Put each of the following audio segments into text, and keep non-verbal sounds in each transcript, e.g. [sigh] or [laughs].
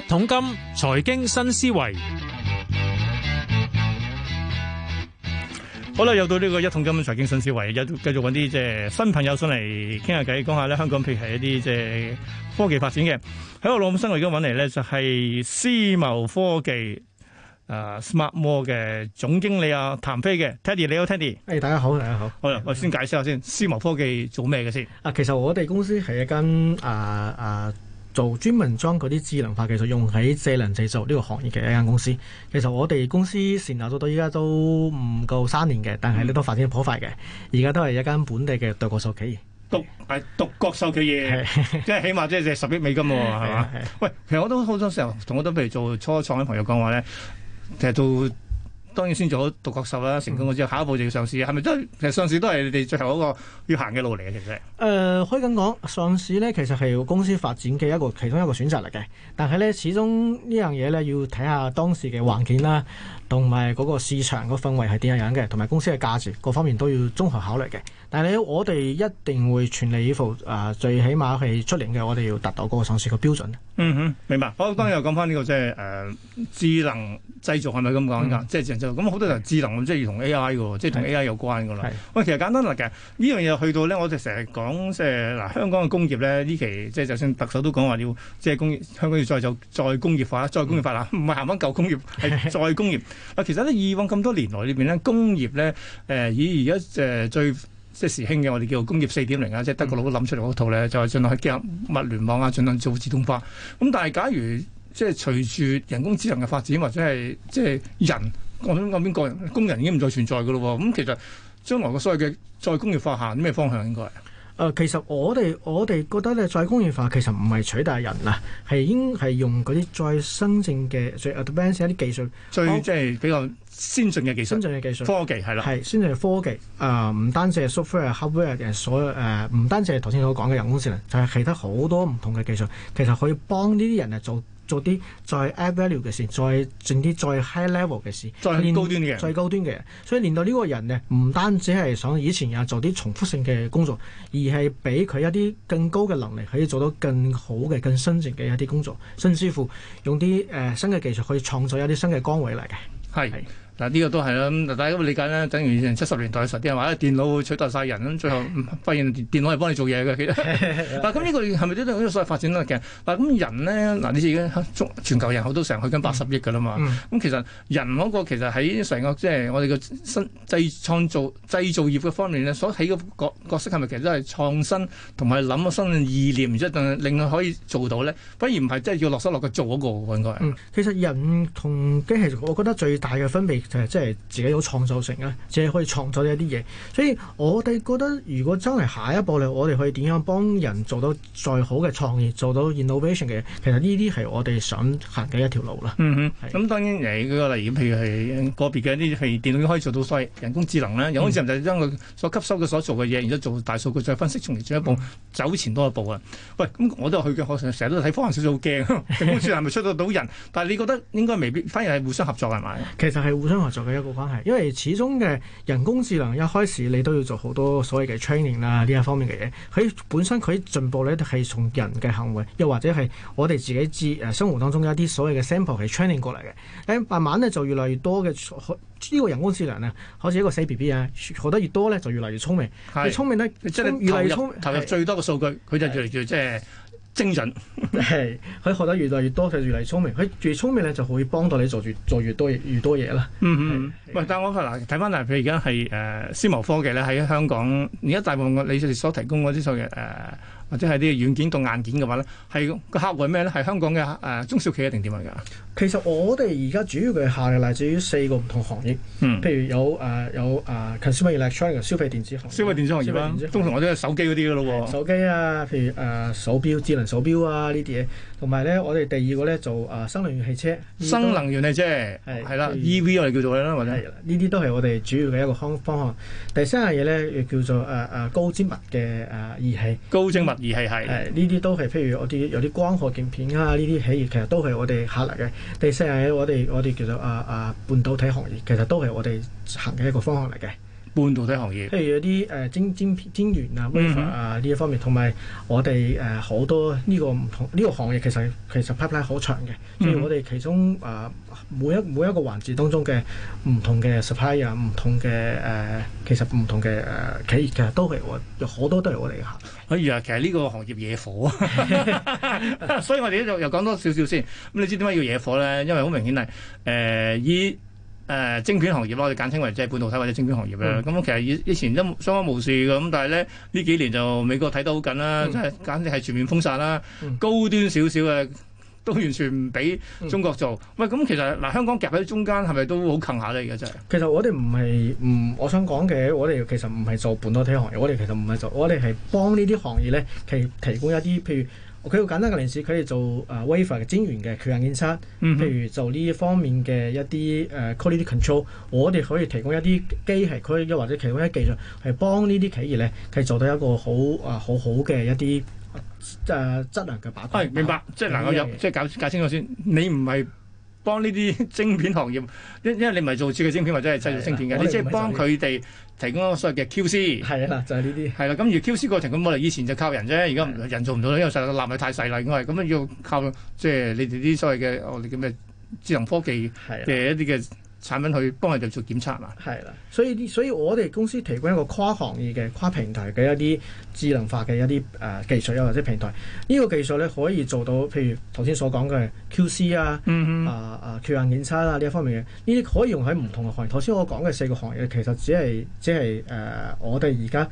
一桶金財經新思維，好啦，又到呢個一桶金財經新思維，又繼一繼續揾啲即係新朋友上嚟傾下偈，講下咧香港，譬如係一啲即係科技發展嘅。喺我老五新我而家揾嚟咧，就係思謀科技啊，SmartMore 嘅總經理啊，談飛嘅 Teddy，你好 Teddy，誒、哎，大家好，大家好，好啦了，哎、我先解釋下先，思謀科技做咩嘅先？啊，其實我哋公司係一間啊啊。做專門將嗰啲智能化技術用喺智能製造呢個行業嘅一間公司，其實我哋公司成立咗到依家都唔夠三年嘅，但係咧、嗯、都發展得頗快嘅。而家都係一間本地嘅獨角獸企業，獨係獨角獸企業，即係 [laughs] 起碼即係十億美金，係嘛？喂，其實我都好多時候同我都譬如做初創嘅朋友講話咧，其實都。當然先做好獨角獸啦，成功咗之後下一步就要上市，係咪都其實上市都係你哋最後一個要行嘅路嚟嘅、呃？其實誒，可以咁講，上市咧其實係公司發展嘅一個其中一個選擇嚟嘅。但係咧，始終呢樣嘢咧要睇下當時嘅環境啦、啊，同埋嗰個市場個氛圍係點樣嘅，同埋公司嘅價值各方面都要綜合考慮嘅。但係咧，我哋一定會全力以赴誒、呃，最起碼係出年嘅，我哋要達到嗰個上市嘅標準。嗯哼，明白。好，當然又講返呢個即係誒智能。製造係咪咁講㗎？即係製造，咁好多就智能，即係要同 AI 嘅，即係同 AI 有關嘅啦。喂，其實簡單嚟嘅呢樣嘢去到咧，我哋成日講即係嗱，香港嘅工業咧呢這期即係就算、是、特首都講話要即係、就是、工業，香港要再就再工業化、再工業化啦。唔係行翻舊工業，係是是再工業。啊， [laughs] 其實咧以往咁多年來裏邊咧，工業咧誒、呃、以而家誒最即係時興嘅，我哋叫做工業四點零啊，即係德國佬諗出嚟嗰套咧，嗯、就係盡量去結合物聯網啊，盡量做自動化。咁、嗯、但係假如即係隨住人工智能嘅發展，或者係即係人，我諗嗰邊工人工人已經唔再存在嘅咯。咁其實將來個所謂嘅再工業化下，啲咩方向應該？誒、呃，其實我哋我哋覺得咧，再工業化其實唔係取代人啦，係應係用嗰啲再新性嘅最 advance 一啲技術，最即係好比較先進嘅技術，先進嘅技術，科技係啦，係先進嘅科技。誒、呃，唔單止係 software、hardware 所有誒，唔、呃、單止係頭先所講嘅人工智能，就係、是、其他好多唔同嘅技術，其實可以幫呢啲人嚟做。做啲再 add value 嘅事，再整啲再 high level 嘅事，再高端嘅，最高端嘅。所以連到呢個人呢唔單止係想以前啊做啲重複性嘅工作，而係俾佢一啲更高嘅能力，可以做到更好嘅、更深層嘅一啲工作。甚至乎用啲誒、呃、新嘅技術去創造一啲新嘅崗位嚟嘅。係是。嗱呢個都係啦，大家咁理解啦，等於以前七十年代嘅時候啲人話咧，電腦會取代晒人，咁最後發現電腦係幫你做嘢嘅。其實，嗱咁呢個係咪都都所謂發展啦？其實，嗱咁人咧，嗱你似而家中全球人口都成去緊八十億㗎啦嘛。咁其實人嗰個其實喺成個即係、就是、我哋嘅新製創造製造業嘅方面咧，所起嘅角角色係咪其實都係創新同埋諗嘅新意念，而家令令佢可以做到咧，反而唔係即係要落手落去做嗰、那個嘅應該。嗯，其實人同機器，我覺得最大嘅分別。就即係自己有創造性咧，即係可以創造一啲嘢。所以我哋覺得，如果真係下一步咧，我哋可以點樣幫人做到再好嘅創業，做到 innovation 嘅？其實呢啲係我哋想行嘅一條路啦。咁當然誒個例譬如係個別嘅啲係電腦已經可以做到所謂人工智能咧。人工智能就將佢所吸收嘅所做嘅嘢，然之後做大數據再分析，從而進一步、嗯、走前多一步啊。喂，咁我都去嘅學術，成日都睇科幻小說好驚。人工智能係咪出得到人？ [laughs] 但係你覺得應該未必，反而係互相合作係咪？其實係互相。合作嘅一個關係，因為始終嘅人工智能一開始你都要做好多所謂嘅 training 啦、啊、呢一方面嘅嘢，佢本身佢進步咧係從人嘅行為，又或者係我哋自己知誒生活當中嘅一啲所謂嘅 sample 係 training 過嚟嘅，誒慢慢咧就越嚟越多嘅呢、這個人工智能啊，好似一個小 B B 啊，學得越多咧就越嚟越聰明，越，越聰明咧，即係投入。投入最多嘅數據，佢是就越嚟越即係。是就是精準係，佢 [laughs] 學得越嚟越多，佢越嚟越聰明。佢越聰明咧，就可以幫到你做住做越多越多嘢啦。嗯嗯，唔係，但係我嗱睇翻嗱，譬如而家係思謀科技咧，喺香港而家大部分你所提供嗰啲所謂，呃或者係啲軟件到硬件嘅話咧，係個客戶係咩咧？係香港嘅誒、呃、中小企業一定點樣㗎？其實我哋而家主要嘅客嚟自於四個唔同行業，嗯、譬如有誒、呃、有誒 consumer electronic 消費電子行業，消費電子行業啦，消費電子行業通常我都係手機嗰啲㗎咯喎，手機啊，譬如誒手錶、智能手錶啊呢啲嘢，同埋咧我哋第二個咧做誒新、呃、能源汽車，新能源汽車係啦的的，EV 我哋叫做啦，或者呢啲都係我哋主要嘅一個方向。第三樣嘢咧，叫做誒誒高精密嘅誒儀器，高精密。呃而係係誒呢啲都係，譬如我啲有啲光學鏡片啊呢啲企業，其實都係我哋客嚟嘅。第四係我哋我哋叫做啊啊半導體行業，其實都係我哋行嘅一個方向嚟嘅。半導體行業，譬如有啲誒晶晶晶圓啊、Wafer 啊呢一方面，還有呃、很多這同埋我哋誒好多呢個唔同呢個行業其，其實其實 pipeline 好長嘅。所以我哋其中誒、呃、每一每一個環節當中嘅唔同嘅 supply 啊、唔同嘅誒，其實唔同嘅誒、呃、企業，其實都係有好多都係我哋行。可以啊，其實呢個行業惹火， [laughs] [laughs] [laughs] 所以我哋咧又講多少少先。咁你知點解要惹火咧？因為好明顯係誒依。呃誒、啊、晶片行業啦，我哋簡稱為即係半導體或者晶片行業啦。咁、嗯、其實以以前都相安無事咁，但係咧呢幾年就美國睇得好緊啦、啊，即係、嗯、簡直係全面封殺啦。嗯、高端少少嘅都完全唔俾中國做。嗯、喂，咁其實嗱、啊，香港夾喺中間係咪都好近下咧？而家真係其實我哋唔係唔我想講嘅，我哋其實唔係做半導體行業，我哋其實唔係做，我哋係幫呢啲行業咧，其提供一啲譬如。佢個簡單嘅例子，佢哋做啊 wafer 嘅晶圓嘅缺陷檢測，嗯、哼譬如做呢一方面嘅一啲誒、呃、quality control，我哋可以提供一啲機器區，又或者提供一啲技術，係幫呢啲企業咧，佢做到一個好啊、呃、好好嘅一啲誒、呃、質量嘅把控。明白，即係是能夠有，即係搞搞清楚先。你唔係。幫呢啲晶片行業，因因為你唔係做設計晶片或者係製造晶片嘅，是們是你即係幫佢哋提供嗰個所謂嘅 QC。係啊，就係呢啲。係啦，咁而 QC 過程咁我哋以前就靠人啫，而家人做唔到，因為實個納米太細啦，應該咁樣要靠即係你哋啲所謂嘅我哋叫咩智能科技，嘅一啲嘅。產品去幫佢哋做檢測嘛？係啦，所以所以我哋公司提供一個跨行業嘅、跨平台嘅一啲智能化嘅一啲誒、呃、技術啊，或者平台。呢、呢個技術咧可以做到，譬如頭先所講嘅 QC 啊，mm hmm. 啊啊缺陷檢測啊呢一方面嘅，呢啲可以用喺唔同嘅行業。頭先我講嘅四個行業其實只係，只係誒、呃、我哋而家。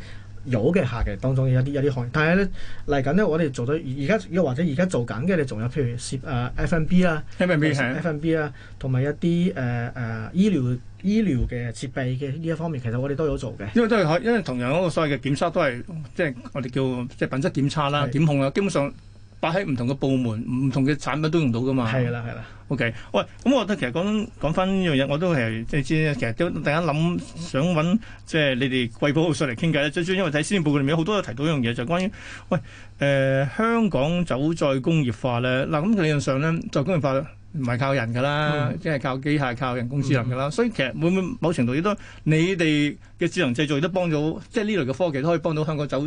有嘅客嘅當中有啲有啲行業，但係咧嚟緊咧，我哋做咗而家又或者而家做緊嘅，你仲有譬如涉啊 F＆B 啦，F＆B 係，F＆B 啦，同埋設一啲誒誒醫療醫療嘅設備嘅呢一方面，其實我哋都有做嘅。因為都係可，因為同樣嗰個所謂嘅檢測都係即係我哋叫即係品質檢測啦、檢控啦，是基本上。擺喺唔同嘅部門，唔同嘅產品都用到噶嘛？係啦，係啦。OK，喂，咁我覺得其實講講翻呢樣嘢，我都係即知，其實都大家諗想揾即係你哋貴寶號上嚟傾偈。最主要因為睇新聞報告入面，好多都提到一樣嘢，就係、是、關於喂誒、呃、香港再工業化咧。嗱咁理論上咧，再工業化唔係靠人㗎啦，嗯、即係靠機械、靠人工智能㗎啦。嗯、所以其實會唔會某程度亦都你哋嘅智能製造亦都幫到，即係呢類嘅科技都可以幫到香港走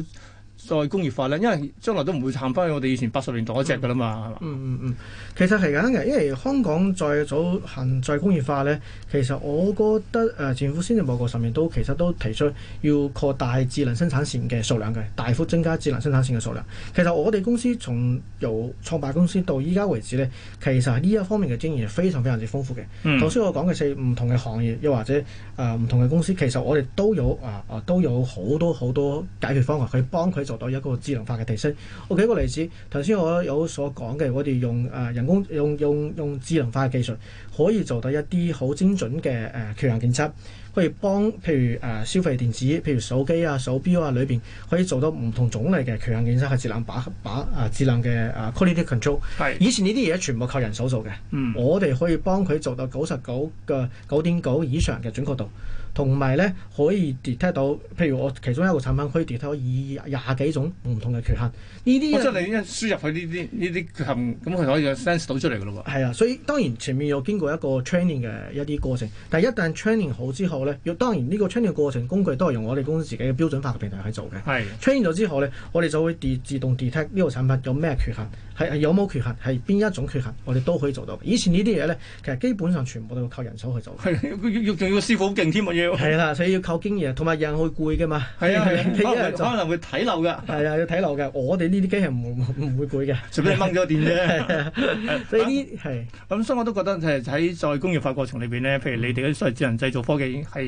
再工業化咧，因為將來都唔會行翻去我哋以前八十年代嗰隻噶啦嘛，係嘛、嗯？嗯嗯嗯，其實係咁嘅，因為香港再早行再工業化咧，其實我覺得誒、呃、政府施政報告上面都其實都提出要擴大智能生產線嘅數量嘅，大幅增加智能生產線嘅數量。其實我哋公司從由創辦公司到依家為止咧，其實呢一方面嘅經驗係非常非常之豐富嘅。頭先、嗯、我講嘅係唔同嘅行業，又或者誒唔、呃、同嘅公司，其實我哋都有誒誒、呃、都有好多好多解決方法去幫佢。做到一個智能化嘅提升。我舉個例子，頭先我有所講嘅，我哋用、呃、人工用用用智能化嘅技術，可以做到一啲好精準嘅誒缺陷檢測，可以幫譬如、呃、消費電子，譬如手機啊、手錶啊裏邊，可以做到唔同種類嘅缺陷檢測係智能把把、啊、智能嘅、啊、quality control。是以前呢啲嘢全部靠人手做嘅，嗯，我哋可以幫佢做到九十九嘅九點九以上嘅準確度。同埋咧，可以 detect 到，譬如我其中一個產品可以 detect 到二十幾種唔同嘅缺陷，呢啲即係你輸入去呢啲呢啲缺陷，咁佢可以 sense 到出嚟嘅咯喎。係啊，所以當然前面有經過一個 training 嘅一啲過程，但一旦 training 好之後咧，要當然呢個 training 過程工具都係用我哋公司自己嘅標準化嘅平台去做嘅。係的。training 咗之後咧，我哋就會自自動 detect 呢個產品有咩缺陷，係有冇缺陷，係邊一種缺陷，我哋都可以做到。以前呢啲嘢咧，其實基本上全部都要靠人手去做。係，要仲要師傅好勁添。係啦、 [music] 啊，所以要靠經驗，同埋人去攰嘅嘛。係啊，啲、啊、 [laughs] 人可能會睇漏嘅。係啊，要睇漏嘅。我哋呢啲機係唔唔會攰嘅， [laughs] 的除非掹咗電啫、 [laughs] 啊。所以呢，係咁，所以我都覺得就係喺在工業化過程裏邊咧，譬如你哋啲所謂智能製造科技已經係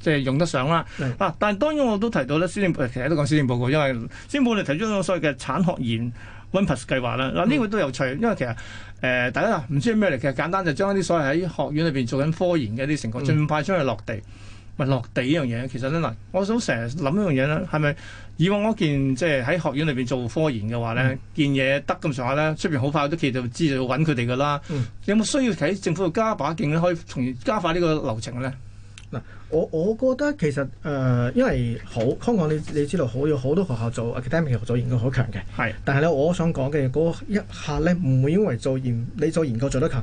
即係用得上啦。是啊，但係當然我都提到咧，施政其實都講施政報告，因為施政報告我提出咗所謂嘅產學研 OnePlus 計劃啦。嗱、啊，呢個都有趣，因為其實誒第一唔知係咩嚟，其實簡單就係將啲所謂喺學院裏邊做緊科研嘅啲成果，儘、嗯、快將佢落地。落地呢樣嘢，其實咧嗱，我想成日諗一樣嘢咧，係咪以往嗰件即係喺學院裏邊做科研嘅話咧，嗯、件嘢得咁上下咧，出邊好快都企業就知道揾佢哋㗎啦。嗯、有冇需要喺政府度加把勁咧，可以從而加快呢個流程咧？嗱，我我覺得其實誒、呃，因為好香港你你知道好有好多學校做 academic 做研究好強嘅，係的。但係咧，我想講嘅嗰一下咧，唔會因為做研你做研究做得強。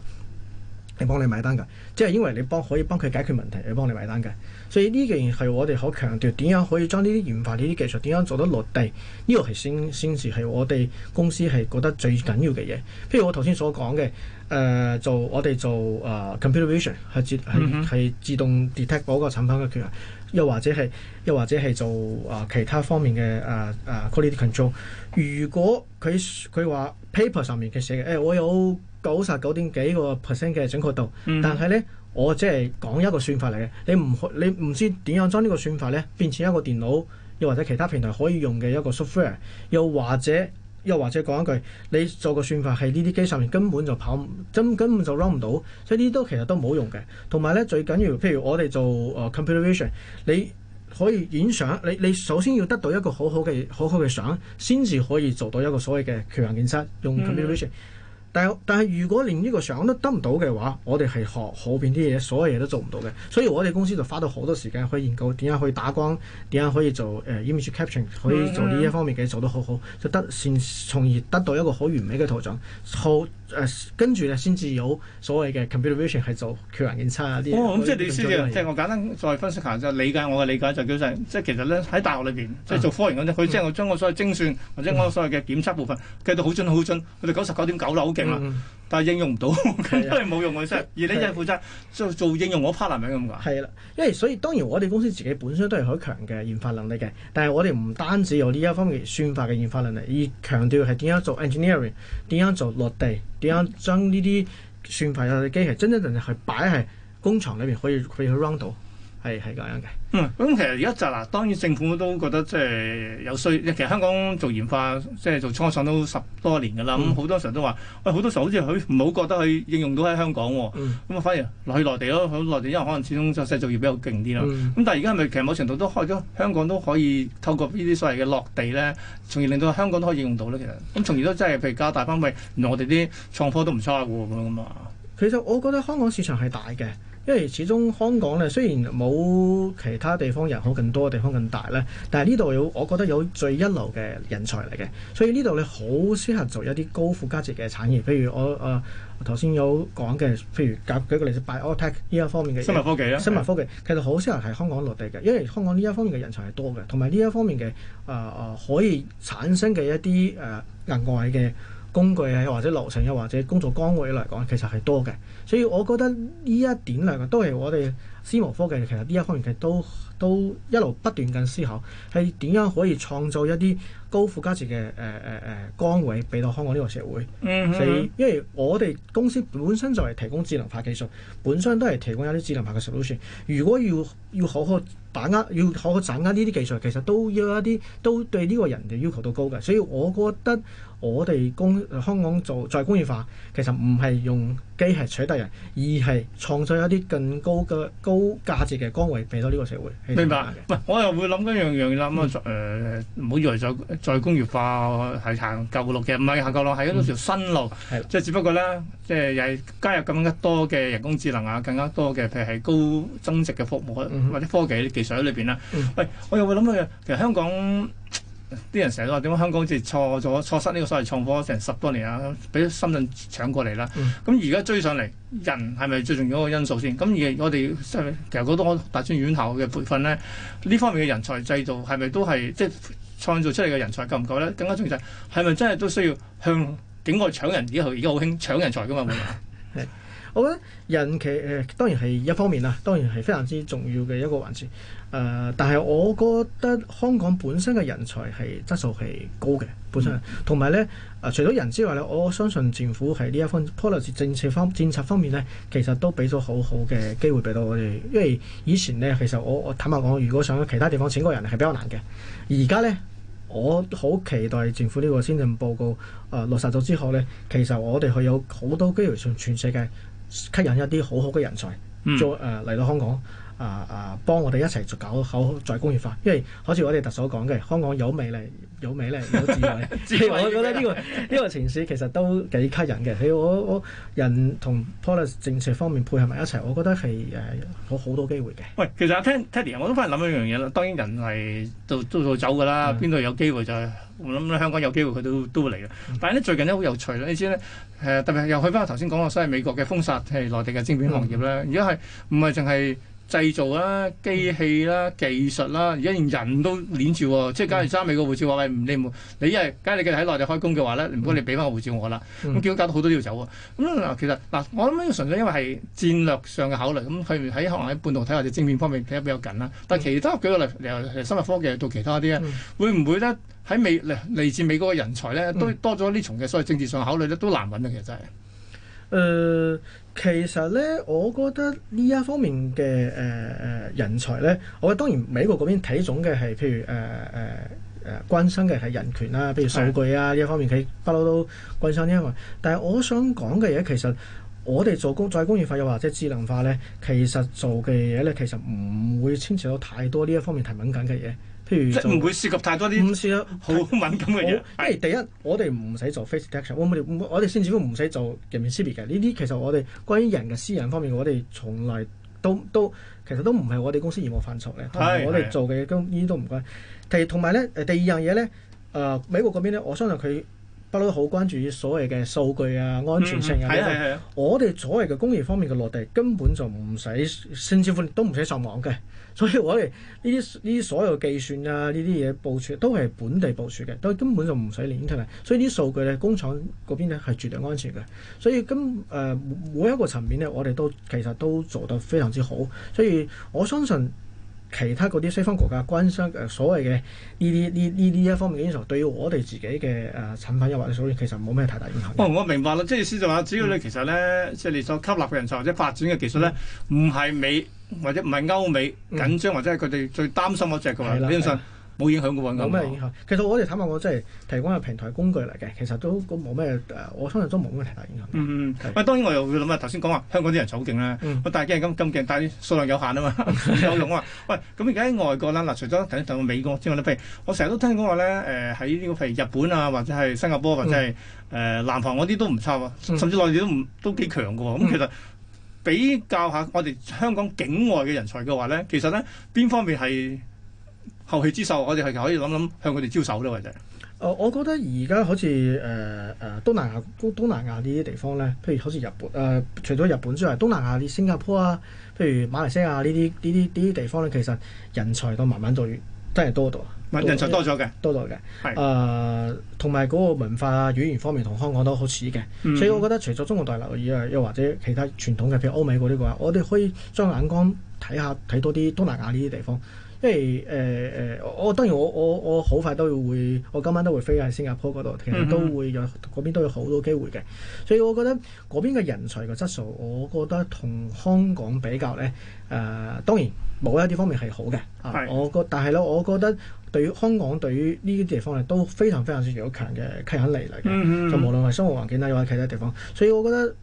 你幫你買單㗎，即係因為你幫可以幫佢解決問題，你幫你買單㗎。所以呢件係我哋好強調點樣可以將呢啲研發呢啲技術點樣做到落地？呢個係先先至係我哋公司係覺得最緊要嘅嘢。譬如我頭先所講嘅，誒、呃、做我哋做、uh, 誒 computer vision 係自係係自動 detect 嗰個產品嘅缺陷，又或者係又或者係做誒、呃、其他方面嘅誒誒 quality control。如果佢佢話 paper 上面嘅寫嘅，誒、哎、我有。九十九點幾個 percent 嘅準確度，嗯、哼但係咧我即係講一個算法嚟嘅，你唔你唔知點樣將呢個算法咧變成一個電腦又或者其他平台可以用嘅一個 software，又或者又或者講一句，你做個算法喺呢啲機上面根本就跑，根根本就 run 唔到，所以呢啲都其實都冇用嘅。同埋咧最緊要，譬如我哋做誒、呃、computer vision 你可以影相，你你首先要得到一個很好的很好嘅好好嘅相，先至可以做到一個所謂嘅強人工智能用 computer vision 但係如果連呢個相都得唔到嘅話，我哋係學好邊啲嘢，所有嘢都做唔到嘅。所以我哋公司就花到好多時間去研究點樣去打光，點樣可以做誒、呃、image capturing，可以做呢一方面嘅嘢、嗯、做得好好，就得先從而得到一個好完美嘅圖像。好誒，跟住咧先至有所謂嘅 computer vision 係做缺陷檢測啊啲。哦，咁、嗯哦嗯、即係意思即係我簡單再分析下就理解我嘅理解就叫、是、做即係其實咧喺大學裏邊即係做科研嗰陣，佢即係將我所謂精算或者我所謂嘅檢測部分計、嗯、到好準好準，佢哋九十九點九攞嘅。嗯，但係應用唔到，都係冇用嘅啫。即係而你就負責做做應用嗰 part 嚟嘅咁噶。係啦，因為所以當然我哋公司自己本身都係好強嘅研發能力嘅，但係我哋唔單止有呢一方面嘅算法嘅研發能力，而強調係點樣做 engineering，點樣做落地，點樣將呢啲算法嘅機器真真正正係擺喺工廠裏邊可以可以 run 到。係係咁樣嘅、嗯。嗯，咁其實而家就嗱、是，當然政府都覺得即係有需。其實香港做研發，即、就、係、是、做創想都十多年㗎啦。咁好、嗯、多時候都話，喂、哎，好多時候好似佢唔好覺得佢應用到喺香港喎、哦。咁啊、嗯，反而落去內地咯，落去內地，因為可能始終製造業比較勁啲啦。咁、嗯、但係而家係咪其實某程度都開咗香港都可以透過呢啲所謂嘅落地咧，從而令到香港都可以應用到咧。其實咁從而都真、就、係、是、譬如加大範圍，原來我哋啲創科都唔差㗎喎，咁啊嘛。其實我覺得香港市場係大嘅。因為始終香港咧，雖然冇其他地方人口更多、地方更大咧，但係呢度有，我覺得有最一流嘅人才嚟嘅，所以呢度你好適合做一啲高附加值嘅產業，譬如我啊頭先有講嘅，譬如舉舉個例子，Bio-tech 呢一方面嘅生物科技啦、啊，生物科技係嘅其實好適合喺香港落地嘅，因為香港呢一方面嘅人才係多嘅，同埋呢一方面嘅啊啊可以產生嘅一啲誒額外嘅工具啊，又或者流程，又或者工作崗位嚟講，其實係多嘅，所以我覺得呢一點嚟講，都係我哋思謀科技其實呢一方面其實都都一路不斷咁思考，係點樣可以創造一啲高附加值嘅誒誒誒崗位俾到香港呢個社會。嗯。所以因為我哋公司本身就係提供智能化技術，本身都係提供一啲智能化嘅 solution。如果要要好好把握，要好好掌握呢啲技術，其實都要一啲都對呢個人嘅要求都高嘅，所以我覺得。我哋工香港做再工業化，其實唔係用機械取代人，嗯、而係創造一啲更高嘅高價值嘅崗位俾到呢個社會。明白，唔係我又會諗一樣嘢啦，咁啊誒，唔好、嗯呃、以為再再工業化係行舊路嘅，唔係行舊路，係一條新路，即係、嗯、只不過咧，即係又係加入更加多嘅人工智能啊，更加多嘅譬如係高增值嘅服務或者科技技術喺裏邊啦。喂、嗯哎，我又會諗一樣其實香港。啲人成日都話點解香港好似錯咗錯失呢個所謂創科成十多年啊，俾深圳搶過嚟啦、啊。咁而家追上嚟，人係咪最重要個因素先？咁而我哋其實好多大專院校嘅培訓咧，呢方面嘅人才制度係咪都係即係創造出嚟嘅人才夠唔夠咧？更加重要就係係咪真係都需要向境外搶人？而家而家好興搶人才㗎嘛？冇 [laughs] 我覺得人其誒、呃、當然係一方面啦，當然係非常之重要嘅一個環節。誒、呃，但係我覺得香港本身嘅人才係質素係高嘅，本身。同埋咧，誒、呃、除咗人之外咧，我相信政府喺呢一方 policy 政策方政策方面咧，其實都俾咗好好嘅機會俾到我哋。因為以前咧，其實我我坦白講，如果想去其他地方請個人係比較難嘅。而家咧，我好期待政府呢個施政報告誒落實咗之後咧，其實我哋去有好多機會從全世界。吸引一啲好好嘅人才，嗯，做誒嚟到香港。啊啊！幫我哋一齊搞好再工業化，因為好似我哋特首講嘅，香港有魅力、有美麗、有智慧。 [laughs] 智慧也 我覺得呢、呢個呢 [laughs] 個情勢其實都幾吸引嘅。喺我我人同 policy 政策方面配合埋一齊，我覺得係誒好好多機會嘅。喂，其實聽 Teddy 我都翻嚟諗一樣嘢啦。當然人係都都到走㗎啦，邊度、嗯、有機會就我諗香港有機會，佢都都會嚟嘅。但係咧最近咧好有趣啦，你知咧誒、呃、特別又去翻我頭先講嘅，所謂美國嘅封殺係內地嘅晶片行業啦。如果係唔係淨係？製造啦、啊、機器啦、啊、技術啦、啊，而家連人都攆住喎。即係假如揸美國護照話，嗯、喂，你冇你一係，假如你繼續喺內地開工嘅話咧，唔該、嗯、你俾翻個護照我、啊、啦。咁、嗯、結果搞到好多都要走喎、啊。咁、嗯、嗱，其實嗱、啊，我諗呢個純粹因為係戰略上嘅考慮，咁佢喺可能喺半導體或者晶片方面睇得比較緊啦。但係其他舉個例，由、嗯、生物科技到其他啲咧，嗯、會唔會咧喺美嚟自美國嘅人才咧，都多咗呢重嘅，所謂政治上考慮咧都難揾啊。其實真係誒。其實咧，我覺得呢一方面嘅人才咧，我當然美國嗰邊睇重嘅係譬如誒誒誒關心嘅係人權啦、啊，譬如數據啊呢、啊、一方面，佢不嬲都關心呢一個。但係我想講嘅嘢，其實我哋做公再工業化又或者智能化咧，其實做嘅嘢咧，其實唔會牽涉到太多呢一方面係敏感嘅嘢。譬如即係唔會涉及太多啲唔涉啦，好敏感嘅嘢，因為第一我哋唔使做 face detection，我哋我哋先至都唔使做人面識別嘅。呢啲其實我哋關於人嘅私人方面，我哋從嚟都都其實都唔係我哋公司業務範疇嘅。我哋做嘅嘢都呢啲都唔關。其實同埋咧誒第二樣嘢咧，誒、呃、美國嗰邊咧，我相信佢。我都好關注於所謂嘅數據啊，安全性啊。嗯嗯、的我哋所有嘅工業方面嘅落地根本就唔使，甚至乎都唔使上網嘅。所以我哋呢啲呢啲所有計算啊，呢啲嘢部署都係本地部署嘅，都根本就唔使連 i n 所以啲數據咧，工廠嗰邊咧係絕對安全嘅。所以咁誒、呃、每一個層面咧，我哋都其實都做得非常之好。所以我相信。其他嗰啲西方國家官商誒、呃、所謂嘅呢啲呢呢呢一方面嘅因素，對於我哋自己嘅誒產品又或者所以其實冇咩太大影響的。哦，我明白啦，即係意思就話，只要你其實咧，嗯、即係你所吸納嘅人才或者發展嘅技術咧，唔係、嗯、美或者唔係歐美緊張、嗯、或者係佢哋最擔心或者嘅話，點算、嗯？冇影響嘅喎，冇咩影響。啊、其實我哋坦白講，即係提供個平台工具嚟嘅，其實都冇咩誒，我通常都冇咩太大影響。嗯嗯。對喂，當然我又會諗下，頭先講話香港啲人好勁啦，但係驚係咁咁勁，但係數量有限啊嘛，有冇 [laughs] 啊？喂，咁而家喺外國啦，嗱，除咗等等美國之外，譬如我成日都聽講話咧，誒喺呢個譬如日本啊，或者係新加坡或者係誒、嗯呃、南韓嗰啲都唔差喎，甚至內地都唔都幾強嘅喎。咁、嗯嗯、其實比較下我哋香港境外嘅人才嘅話咧，其實咧邊方面係？後起之秀，我哋係可以諗諗向佢哋招手咯，或者。誒，我覺得而家好似誒誒東南亞、東南亞呢啲地方咧，譬如好似日本誒、呃，除咗日本之外，東南亞啲新加坡啊，譬如馬來西亞呢啲呢啲呢啲地方咧，其實人才都慢慢在真係多咗。人才多咗嘅，多咗嘅，係誒，同埋嗰個文化、啊、語言方面同香港都好似嘅，嗯、所以我覺得除咗中國大陸以外，又或者其他傳統嘅，譬如歐美嗰啲嘅話，我哋可以將眼光睇下睇多啲東南亞呢啲地方。即係誒誒，我、呃呃、當然我我我好快都會，我今晚都會飛喺新加坡嗰度，其實都會有嗰邊、嗯、哼都有好多機會嘅。所以我覺得嗰邊嘅人才嘅質素，我覺得同香港比較呢，誒、呃，當然冇一啲方面係好嘅。係是我覺但係呢，我覺得對於香港對於呢啲地方咧，都非常非常之有強嘅吸引力嚟嘅。嗯、哼就無論係生活環境啊，又或者其他地方，所以我覺得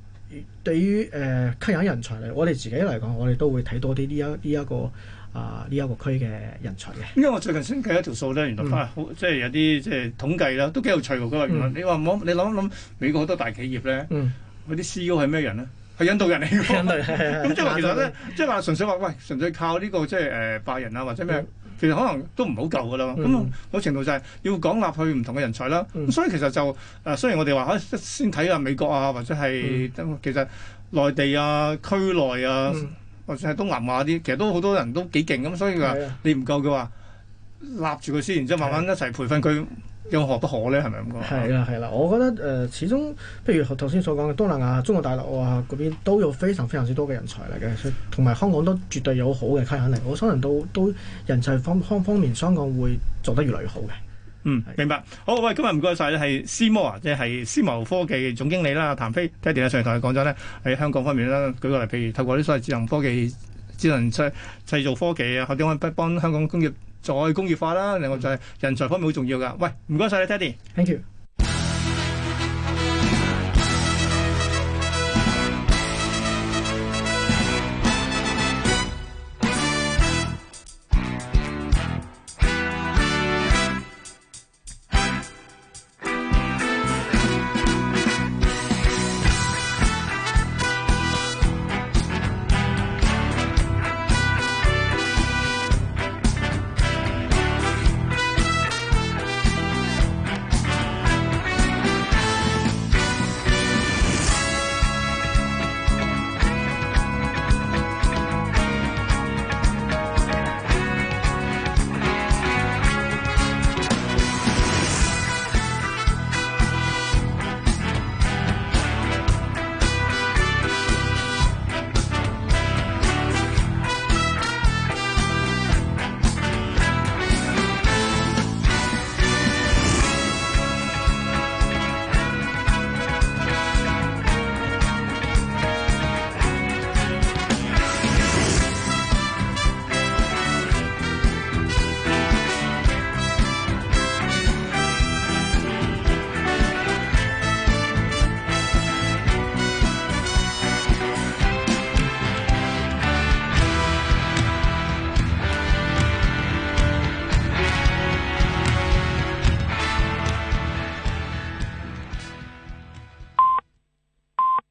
對於誒、呃、吸引人才嚟，我哋自己嚟講，我哋都會睇多啲呢一呢一,一,一個。啊！呢一個區嘅人才嘅，因為我最近先計一條數咧，原來翻即係有啲即係統計啦，都幾有趣喎。佢話原來你話唔好你諗一諗，美國好多大企業咧，嗰啲 C E O 係咩人咧？係印度人嚟嘅。咁即係話其實咧，即係話純粹話喂，純粹靠呢個即係誒白人啊，或者咩？其實可能都唔好夠㗎啦。咁某程度就係要廣納去唔同嘅人才啦。咁所以其實就誒，雖然我哋話可先睇下美國啊，或者係其實內地啊、區內啊。就係東南亞啲，其實都好多人都幾勁咁，所以話你唔夠嘅話立住佢先，然之後慢慢一齊培訓佢，是的有何不可咧？係咪咁講？係啦，係啦，我覺得誒、呃，始終譬如頭先所講嘅東南亞、中國大陸啊嗰邊，都有非常非常之多嘅人才嚟嘅，同埋香港都絕對有好嘅吸引力。我相信都都人才方方方面，香港會做得越嚟越好嘅。嗯，明白。好，喂，今日唔該晒你係思摩啊，即係思謀科技總經理啦，譚飛 Teddy 啊，Teddy，上嚟同你講咗咧，喺香港方面啦，舉個例，譬如透過啲所謂智能科技、智能製造科技啊，或者可以幫香港工業再工業化啦。另外就係人才方面好重要噶。喂，唔該晒你，Teddy，thank you。